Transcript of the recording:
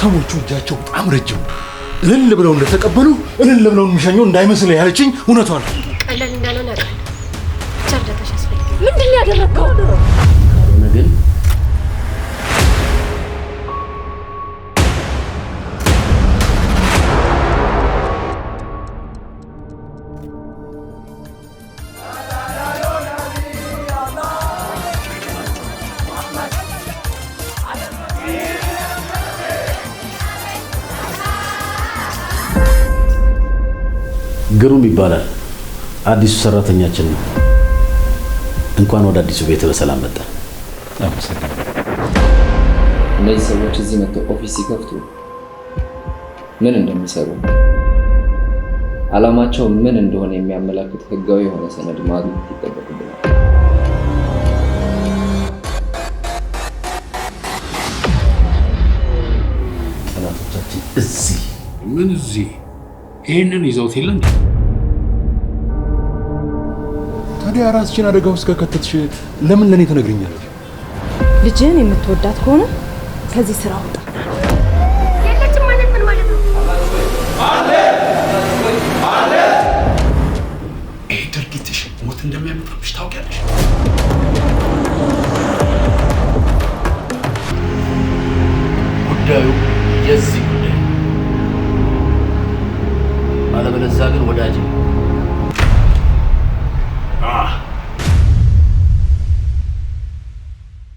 ሰዎቹ እጃቸው በጣም ረጅም እልል ብለው እንደተቀበሉ እልል ብለው የሚሸኘው እንዳይመስል ያለችኝ እውነቷ ነው። ቀለል እንዳለ ያውቃል። ምንድን ያደረገው? ግን ግሩም ይባላል። አዲሱ ሰራተኛችን ነው። እንኳን ወደ አዲሱ ቤት በሰላም መጣ። እነዚህ ሰዎች እዚህ መጥተው ኦፊስ ሲከፍቱ ምን እንደሚሰሩ አላማቸው ምን እንደሆነ የሚያመላክት ህጋዊ የሆነ ሰነድ ማግኘት ይጠበቅብናል። ጠላቶቻችን እዚህ ምን እዚህ ይህንን ይዘውት የለ እንዴ? ታዲያ ራስሽን አደጋ ውስጥ ከከተትሽ ለምን ለእኔ ትነግርኛለሽ? ልጅህን የምትወዳት ከሆነ ከዚህ ስራ ወጣ። የለችም ጉዳዩ የዚህ ለዛ ግን ወዳጅ